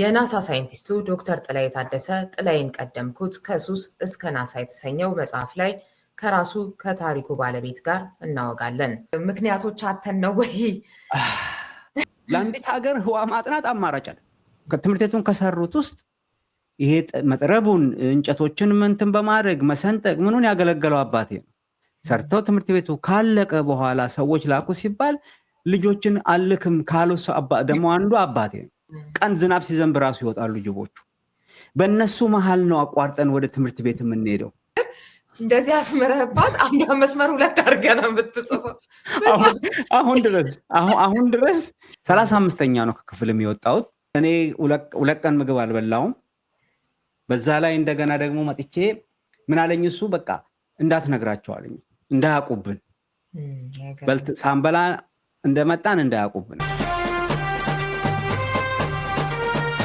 የናሳ ሳይንቲስቱ ዶክተር ጥላይ ታደሰ ጥላይን ቀደምኩት ከሱስ እስከ ናሳ የተሰኘው መጽሐፍ ላይ ከራሱ ከታሪኩ ባለቤት ጋር እናወጋለን። ምክንያቶች አተን ነው ወይ? ለአንዲት ሀገር ህዋ ማጥናት አማራጭ አለ። ትምህርት ቤቱን ከሰሩት ውስጥ ይሄ መጥረቡን እንጨቶችን ምንትን በማድረግ መሰንጠቅ ምኑን ያገለገለው አባቴ ነው። ሰርተው ትምህርት ቤቱ ካለቀ በኋላ ሰዎች ላኩ ሲባል ልጆችን አልክም ካሉ ደግሞ አንዱ አባቴ ነው። ቀን ዝናብ ሲዘንብ ራሱ ይወጣሉ ጅቦቹ። በእነሱ መሀል ነው አቋርጠን ወደ ትምህርት ቤት የምንሄደው። እንደዚህ አስምረህባት አንዷ መስመር ሁለት አድርገህ ነው የምትጽፈው። አሁን ድረስ አሁን ድረስ ሰላሳ አምስተኛ ነው ከክፍል የሚወጣሁት እኔ ሁለት ቀን ምግብ አልበላውም። በዛ ላይ እንደገና ደግሞ መጥቼ ምን አለኝ እሱ በቃ እንዳትነግራቸው አለኝ እንዳያውቁብን ሳንበላ እንደመጣን እንዳያውቁብን